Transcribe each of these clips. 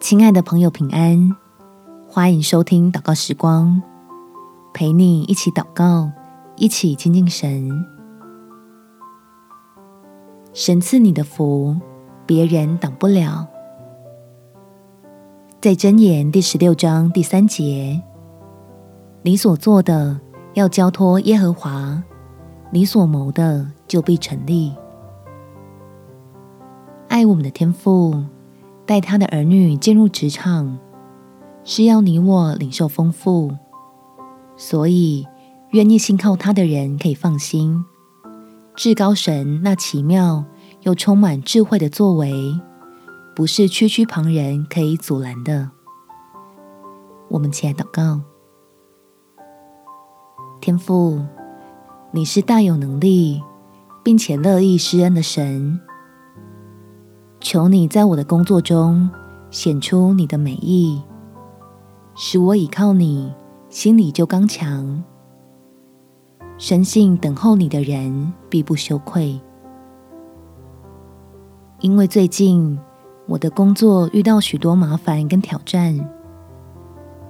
親愛的朋友，平安！歡迎收聽禱告時光，陪你一起禱告，一起親近神。神賜你的福，別人擋不了。在箴言第十六章第三節，你所做的要交托耶和華，你所謀的就必成立。愛我們的天父。帶他的兒女進入職場，是要你我領受豐富，所以願意信靠他的人可以放心。至高神那奇妙又充滿智慧的作為，不是區區旁人可以阻攔的。我們起來禱告：天父，你是大有能力，並且樂意施恩的神。求你在我的工作中顯出你的美意，使我倚靠你，心裡就剛強。深信等候你的人必不羞愧。因為最近我的工作遇到許多麻煩跟挑戰，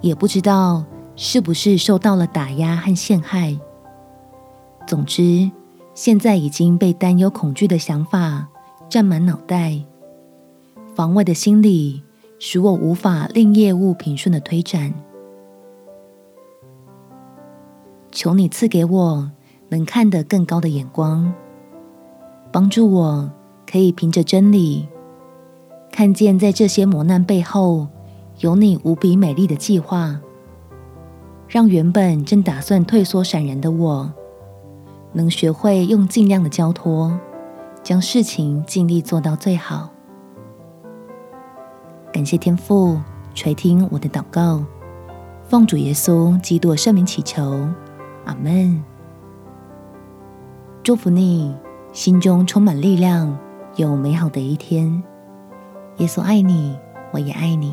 也不知道是不是受到了打壓和陷害。總之，現在已經被擔憂、恐懼的想法佔滿腦袋。防衛的心理，使我無法令業務平順的推展。求你賜給我能看得更高的眼光，幫助我可以憑着真理，看見在這些磨難背後有你無比美麗的計劃，讓原本正打算退縮閃人的我，能學會用盡量的交托，將事情盡力做到最好。感謝天父垂聽我的禱告，奉主耶穌基督聖名祈求，阿門。祝福你，心中充滿力量，有美好的一天。耶穌愛你，我也愛你。